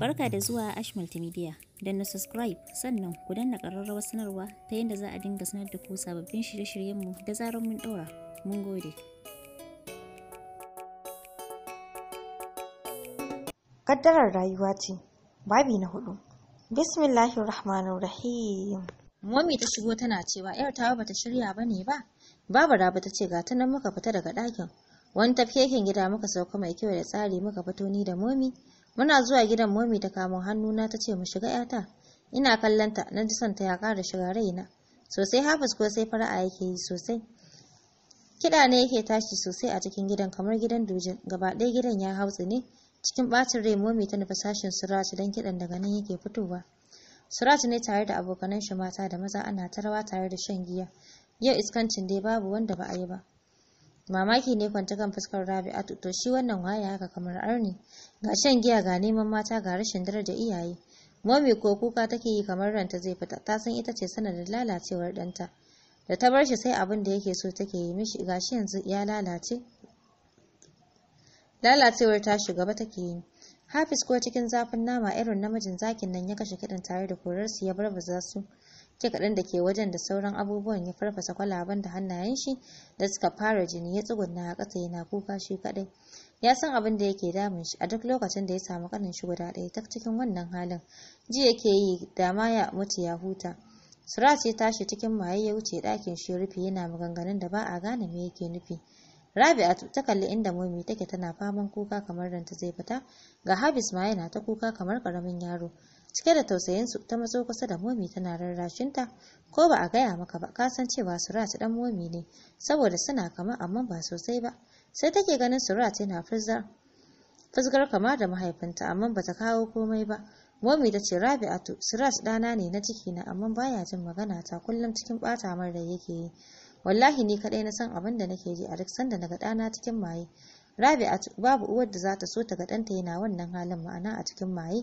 Barka da zuwa Ash Multimedia. Don na subscribe sannan ku danna ƙararrawar sanarwa ta yadda za a dinga sanar da ku sababbin shirye-shiryenmu da zarar mun ɗora. Mun gode. Kaddarar rayuwa ce, babi na hudu. Bismillahir Rahmanir ta shigo tana cewa ‘yar tawa bata shirya ba ne ba, raba ta ce ga ta nan muka fita daga ɗakin. Wani tafkeken gida muka sauka mai kyau da tsari muka fito ni da momi Muna zuwa gidan momi ta kamo hannuna ta ce mu shiga ‘yata. Ina kallonta na ji santa ya ƙara shiga raina. Sosai Hafiz ko sai fara'a yake yi sosai. Kiɗa ne yake tashi sosai a cikin gidan kamar gidan dujin gaba ɗaya gidan ya hautsi ne cikin ɓacin rai momi ta nufi sashin surati don kiɗan daga nan yake fitowa. Surati ne tare da abokanan shi mata da maza ana ta rawa tare da shan giya. Yau iskancin dai babu wanda ba a yi ba. mamaki ne kwanta kan fuskar rabi'atu to shi wannan waye haka kamar arni ga shan giya ga neman mata ga rashin da iyaye momi ko kuka take yi kamar ranta zai fita ta san ita ce sanadin lalacewar danta da ta bar shi sai abin da yake so take yi mishi gashi yanzu ya lalace lalacewar ta shugaba take yi hafiz ko cikin zafin nama irin namijin zakin nan ya kashe kiɗan tare da korarsu ya barbaza su ce kaɗan da ke wajen da sauran abubuwan ya farfasa kwalaban da hannayen shi da suka fara jini ya tsugunna a ƙasa yana kuka shi kaɗai ya san abin da yake damun shi a duk lokacin da ya samu ƙanin shi guda ɗaya ta cikin wannan halin ji yake yi da ma ya mutu ya huta surat ya tashi cikin maye ya wuce ɗakin shi rufe yana maganganun da ba a gane me yake nufi. Rabi'atu ta kalli inda Momi take tana faman kuka kamar ranta zai fita, ga Habis ma yana ta kuka kamar ƙaramin yaro. cike da tausayinsu ta matso kusa da momi tana rarrashinta ko ba a gaya maka ba ka san cewa surat dan momi ne saboda suna kama amma ba sosai ba sai take ganin surat yana fuzzar fusgar kama da mahaifinta amma ba ta kawo komai ba momi ta ce rabi'atu surat dana ne na ciki na amma baya jin magana ta kullum cikin bata mar da yake yi wallahi ni kadai na san abin da nake ji a duk sanda naga dana cikin maye rabi'atu babu uwar da za ta so ta ga ɗanta yana wannan halin ma'ana a cikin maye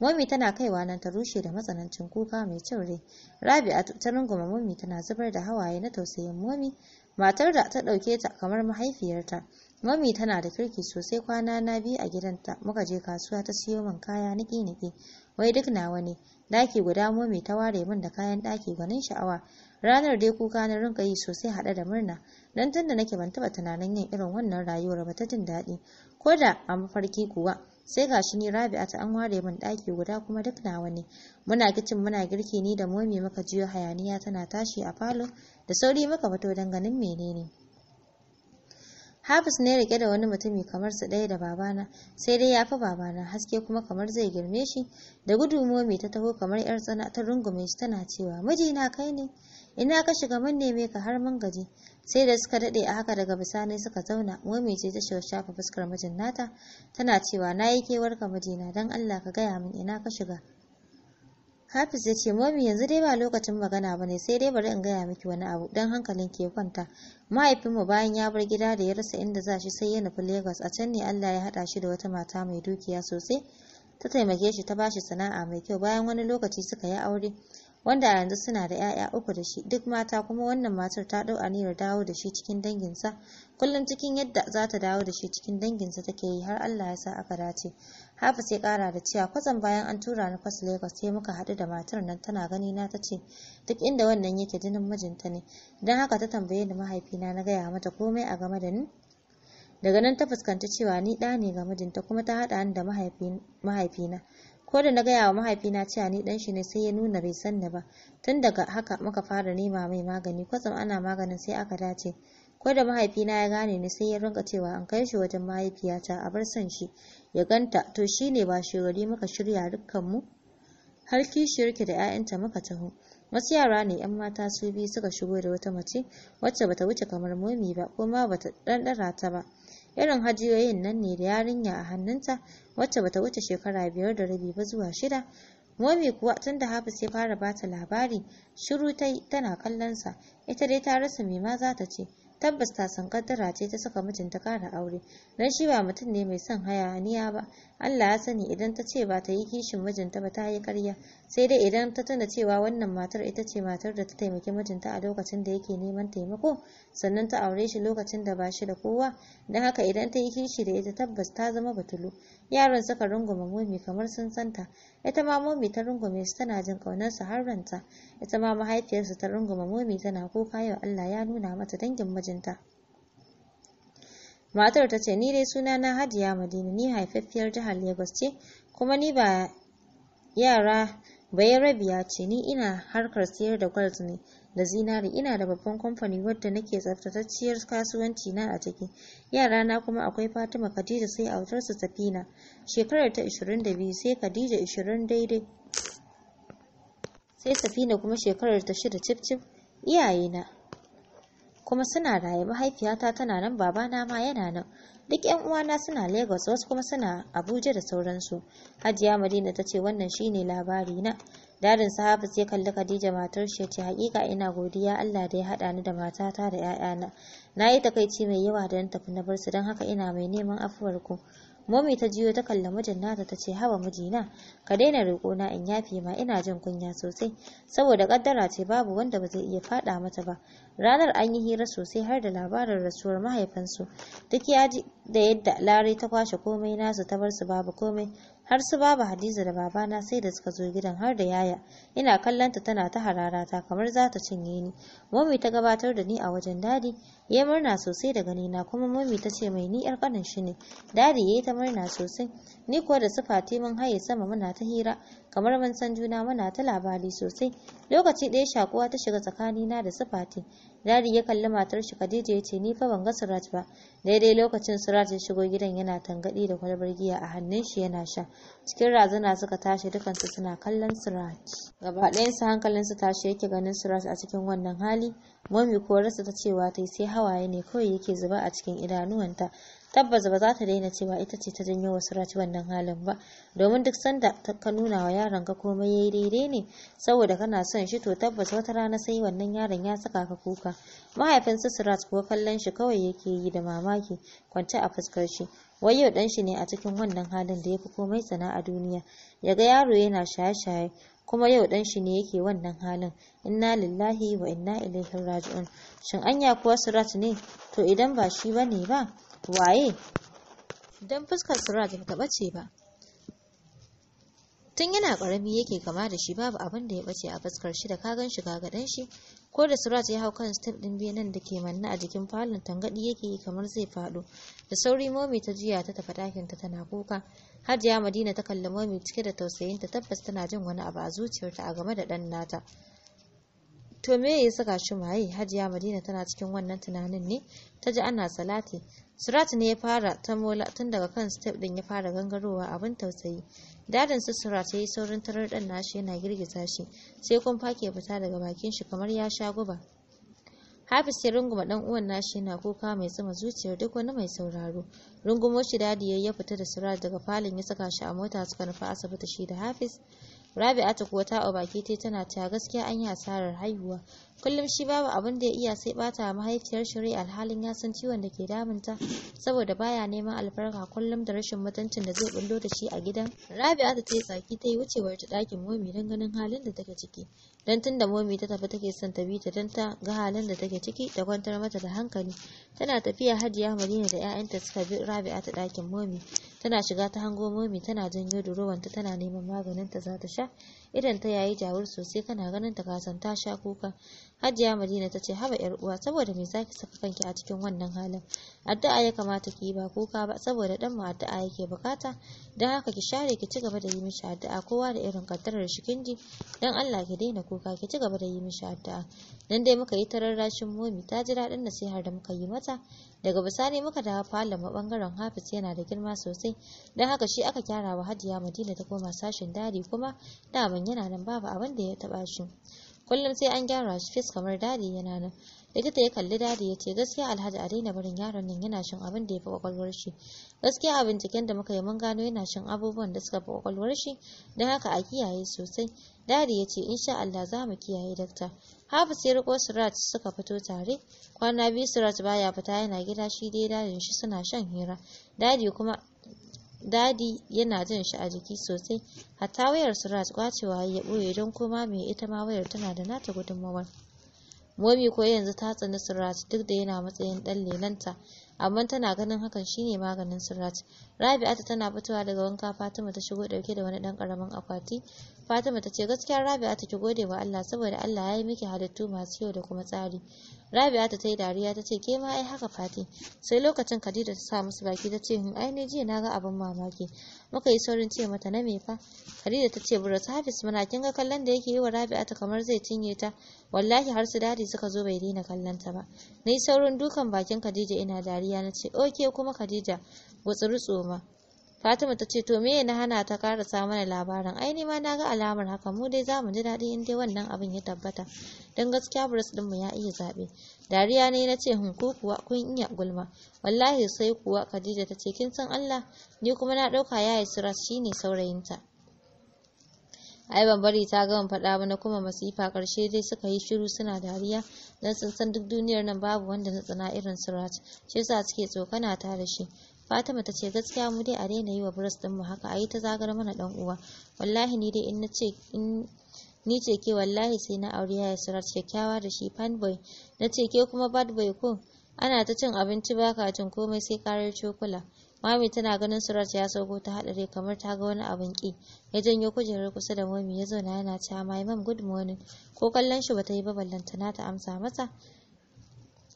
Mummy tana kaiwa nan ta rushe da matsanancin kuka mai cin rai. rabi'a ta runguma Momi tana zubar da hawaye na tausayin Momi, matar da ta ɗauke ta kamar mahaifiyarta. Momi tana da kirki sosai kwana na biyu a gidanta muka je kasuwa ta siyo min kaya na niki Wai duk nawa ne, Daki guda Momi ta ware min da kayan ɗaki gwanin sha'awa. Ranar dai kuka na rinƙa yi sosai haɗe da murna, don tunda nake ban taɓa tunanin yin irin wannan rayuwar ba ta jin daɗi, ko da a mafarki kuwa. sai ga shi ni Rabi'a ta an ware min ɗaki guda kuma duk nawa ne muna kicin muna girki ni da momi muka jiyo hayaniya tana tashi a falo da sauri muka fito don ganin menene Hafiz ne rike da wani mutumi kamar su ɗaya da babana, sai dai ya fi babana haske kuma kamar zai girme shi, da gudu momi ta taho kamar ‘yar tsana ta rungume shi tana cewa, Mijina kai ne, ina ka shiga mun neme ka har mun gaji, sai da suka daɗe a haka daga bisani suka zauna wai ce ta shafa fuskar mijin nata tana cewa na yi kewar ka na don allah ka gaya min ina ka shiga Hafiz ya ce mami yanzu dai ba lokacin magana ba ne sai dai bari in gaya miki wani abu don hankalin ke kwanta. Mahaifinmu bayan ya bar gida da ya rasa inda za shi sai ya nufi Lagos a can ne Allah ya haɗa shi da wata mata mai dukiya sosai ta taimake shi ta bashi sana'a mai kyau bayan wani lokaci suka yi aure wanda a yanzu suna da 'ya'ya uku da shi duk mata kuma wannan matar ta ɗau aniyar dawo da shi cikin danginsa kullum cikin yadda za ta dawo da shi cikin danginsa take yi har Allah ya sa aka dace Hafiz sai kara da cewa kwatsam bayan an tura ni kwas Lagos sai muka haɗu da matar nan tana gani na ta ce duk inda wannan yake jinin mijinta ne don haka ta tambaye ni mahaifina na gaya mata komai a game da ni daga nan ta fuskanci cewa ni ɗa ne ga mijinta kuma ta haɗa ni da mahaifina ko da na gaya wa mahaifina cewa ni dan shi ne sai ya nuna bai san ni ba tun daga haka muka fara nema mai magani kwatsam ana maganin sai aka dace ko da mahaifina ya gane ni sai ya rinka cewa an kai shi wajen mahaifiyata a bar son shi ya ganta to shine ba shugari muka shirya dukkan mu. har kishiyarki da 'ya'yanta muka taho wasu yara ne 'yan mata su biyu suka shigo da wata mace wacce bata wuce kamar momi ba kuma bata ɗanɗara ta ba irin hajiyoyin nan ne da yarinya a hannunta wacce bata wuce shekara biyar da rabi ba zuwa shida Momi kuwa tun da Hafiz ya fara bata labari, shiru ta tana kallonsa, ita dai ta rasa me ma za ta ce, tabbas ta san kaddara ce ta saka mijinta kara aure dan shi ba mutum ne mai son hayaniya ba Allah ya sani idan ta ce ba ta yi kishin mijinta ba ta yi karya sai dai idan ta tuna cewa wannan matar ita ce matar da ta taimaki mijinta a lokacin da yake neman taimako sannan ta aure shi lokacin da ba shi da kowa don haka idan ta yi kishi da ita tabbas ta zama batulu Yaron suka rungume momi kamar sun santa ita ma momi ta rungume su tana jin ƙaunarsa har ranta ita ma mahaifiyarsa ta rungume momi tana kuka yau Allah ya nuna mata dangin mijinta mijinta matar ta ce ni dai suna na hajiya madina ni haifaffiyar jihar lagos ce kuma ni ba yara bayarabiya ce ni ina harkar siyar da gwal ne da zinari ina da babban kamfani wadda nake tsaftatacciyar kasuwanci na a ciki yara na kuma akwai fatima khadija sai autarsu safina shekarar ta 22 sai khadija 20 daidai sai safina kuma shekarar ta shida cif cif iyayena kuma suna raye mahaifiyata tana nan babana ma yana nan duk yan uwana suna Lagos wasu kuma suna Abuja da sauransu Hajiya Madina ta ce wannan shine labari na Darin sahaba sai kalli Khadija matar shi ce hakika ina godiya Allah da ya haɗa ni da matata da 'ya'yana. Na yi takaici mai yawa da na tafi na bar su don haka ina mai neman afuwar ku. Mummy ta jiyo ta kalla mijin nata ta ce haba mijina ka daina na in yafe ma ina jin kunya sosai saboda kaddara ce babu wanda ba zai iya faɗa mata ba. Ranar an yi hira sosai har da labarin rasuwar mahaifinsu. Duk ya da yadda Lare ta kwashe komai nasu ta bar su babu komai har su baba hadiza da babana sai da suka zo gidan har da yaya ina kallanta tana ta hararata kamar za ta cinye ni mami ta gabatar da ni a wajen dadi ya murna sosai da nina kuma mami ta ce mai ni yar kanin shi ne dadi ya yi ta murna sosai ni kuwa da su mun haye sama muna ta hira kamar mun san juna muna ta labari sosai lokaci ɗaya shakuwa ta shiga tsakani na da sifati dadi ya kalli matar shi khadija ya ce ni fa ban ga surat ba daidai lokacin surat ya shigo gidan yana tangadi da kwalbar giya a hannun shi yana sha cikin razana suka tashi dukansu suna kallon surat gaba ɗayan su hankalin su tashi yake ganin surat a cikin wannan hali momi ko rasa ta cewa ta sai hawaye ne kawai yake zuba a cikin idanuwanta tabbas ba za ta daina cewa ita ce ta janyo wa raci wannan halin ba domin duk sanda ka nuna wa yaron ka komai yayi daidai ne saboda kana son shi to tabbas wata rana sai wannan yaron ya saka ka kuka mahaifin su Sirat kuwa kallon shi kawai yake yi da mamaki kwance a fuskar shi wai yau dan shi ne a cikin wannan halin da yafi komai tsana a duniya yaga yaro yana shaye-shaye kuma yau dan shi ne yake wannan halin inna lillahi wa inna ilaihi raji'un shin anya kuwa Sirat ne to idan ba shi bane ba waye don fuskar suraj ba ta bace ba tun yana ƙarami yake kama da shi babu abin da ya bace a fuskar shi da ka gan shi gagaɗan shi ko da surat ya hau kan step ɗin nan da ke manna a jikin falon tangaɗi yake yi kamar zai faɗo da sauri momi ta jiya ta tafi ɗakinta tana kuka hajiya madina ta kalli momi cike da tausayinta tabbas tana jin wani abu a zuciyarta a game da ɗan nata to me ya saka shi maye hajiya madina tana cikin wannan tunanin ne ta ji ana salati Surat ne ya fara ta mola tun daga kan step din ya fara gangarowa abin tausayi dadin su surat ya yi saurin tarar dan nashi yana girgiza shi sai kun fake fita daga bakin shi kamar ya sha guba Hafis ya runguma dan uwan nashi yana kuka mai tsuma zuciyar duk wani mai sauraro. Rungumo shi dadi ya fita da surat daga falin ya saka shi a mota suka nufa asibiti shi da hafis. Rabi'atu kuwa ta baki tana cewa gaskiya an yi asarar haihuwa. kullum shi babu abin da ya iya sai bata mahaifiyar rai alhalin ya san ciwon da ke damunta saboda baya neman alfarka kullum da rashin mutuncin da zai bullo da shi a gidan rabi'a ta yi tsaki ta yi wucewar ta dakin momi don ganin halin da take ciki don tunda momi ta tafi take son ta bi ta dan ta ga halin da take ciki da kwantar mata da hankali tana tafiya hajiya madina da 'ya'yanta suka bi rabi'a ta ɗakin momi tana shiga ta hango momi tana janyo durowanta tana neman maganin ta za ta sha idan ta yayi jawur sosai kana ganin ta kasan ta sha kuka hajiya madina ta ce haba yar uwa saboda me zaki saka kanki a cikin wannan halin addu'a ya kamata ki ba kuka ba saboda dan mu addu'a yake bukata dan haka ki share ki ci gaba da yi mishi addu'a kowa da irin kaddarar shi kinji dan Allah ki daina kuka ki ci gaba da yi mishi addu'a dan dai muka yi tararrashin momi ta ji daɗin nasihar da muka yi mata daga bisani muka dawo falon ma bangaren hafiz yana da girma sosai dan haka shi aka kyara wa hajiya madina ta koma sashin dari kuma dama yaron yana nan babu abin da ya taba shi kullum sai an gyara shi fes kamar dadi yana nan likita ya kalli dadi ya ce gaskiya alhaji a daina barin yaron nan yana shan abin da ya fi kwakwalwar shi gaskiya a binciken da muka yi mun gano yana shan abubuwan da suka fi kwakwalwar shi don haka a kiyaye sosai dadi ya ce insha Allah za mu kiyaye dakta Hafiz sai riko Surat suka fito tare kwana biyu Surat baya fita yana gida shi dai dadin shi suna shan hira dadi kuma dadi yana jin shi a jiki sosai hatta wayar suraj kwacewa ya ɓoye don koma mai ita ma wayar tana da nata gudunmawar momi ko yanzu ta tsani suraj duk da yana matsayin ɗan lelanta amma tana ganin hakan shi ne maganin suraj rabi'atu tana fitowa daga wanka fatima ta shigo ɗauke da wani ɗan ƙaramin akwati fatima ta ce gaskiya rabi'atu ki gode wa allah saboda allah ya yi miki halittu masu yau da kuma tsari Rabia ta yi dariya ta ce ke ma ai haka fati. Sai lokacin Khadija ta sa musu baki ta ce hun hmm, ai ne jiya na ga abin mamaki. Muka yi saurin ce mata na me fa? Khadija ta ce bura muna mana kin ga kallon da yake yi wa Rabia ta kamar zai cinye ta. Wallahi har su dadi suka zo bai daina kallon ta ba. Na yi saurin dukan bakin Khadija ina dariya na ce oke kuma Khadija gutsuri tsoma. Fatima ta ce to me na hana ta karasa mana labarin ai nima na ga alamar haka mu dai zamu ji daɗi in dai wannan abin ya tabbata don gaskiya din ɗinmu ya iya zaɓe dariya ne na ce hunku kuwa kun iya gulma wallahi sai kuwa Khadija ta ce kin san Allah ni kuma na ɗauka yayi Siras shine saurayinta ai ban bari ta gama faɗa ba na kuma masifa ƙarshe dai suka yi shiru suna dariya dan sun san duk duniyar nan babu wanda na tsana irin surat. shi yasa suke tsokana ta da shi Fatima ta ce gaskiya mu dai a daina yi wa buras din mu haka ayi ta zagar mana dan uwa wallahi ni dai in nace in ni ce ke wallahi sai na aure ya surat kyakkyawa da shi fanboy na ce ke kuma bad boy ko ana ta cin abinci baka cin komai sai karar cokula Mami tana ganin Surat ya sauko ta haɗare kamar ta ga wani abin ki. Ya janyo kujerar kusa da Mami ya zauna yana cewa "My mam good morning." Ko kallon shi ba ta yi ba ballantana ta amsa masa.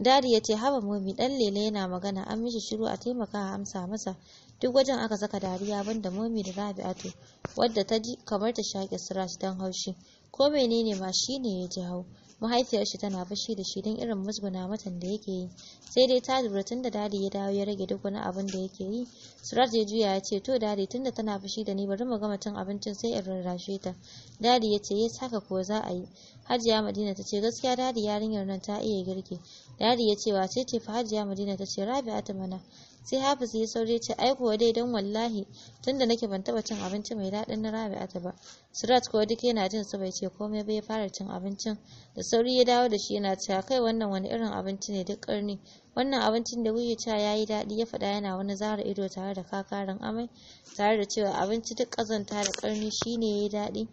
dadi ya ce haba momi ɗan lele yana magana an mishi shiru a taimaka a amsa masa duk wajen aka saka dariya banda momi da rabi'atu wadda ta ji kamar ta shaƙe sirash don haushi ko menene ma ne ya ji hau mahaifiyar shi tana fushi da shi don irin musguna matan da yake yi sai dai ta lura tun da dadi ya dawo ya rage duk wani abin da yake yi surat ya juya ya ce to dadi tun da tana fushi da ni bari mu gama cin abincin sai in rarrashe ta dadi ya ce ya saka ko za a yi hajiya madina ta ce gaskiya dadi yarinyar nan ta iya girki dadi ya ce wace ce fa hajiya madina ta ce rabi'atu mana sai hafiz ya saurayi ce ai kuwa dai dan wallahi tunda nake ban taba cin abinci mai daɗin na ta ba surat ko duk yana jin su bai ce komai bai fara cin abincin da sauri ya dawo da shi yana cewa kai wannan wani irin abinci ne duk ƙarni wannan abincin da kuke cewa yayi daɗi ya faɗa yana wani zara ido tare da kakarin amai tare da cewa abinci duk ƙazanta da ƙarni shine yayi daɗi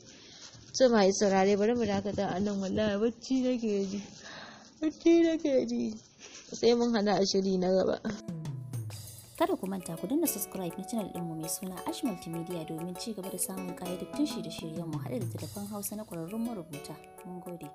to mai saurare bari mu dakata a nan wallahi bacci nake ji bacci nake ji sai mun hada a shiri na gaba Kada ku manta ku danna subscribe na channel ɗinmu mai suna Ash Multimedia domin ci gaba da samun ƙayyadattun shi da mu haɗa da tattafan Hausa na ƙwararrun marubuta. Mun gode.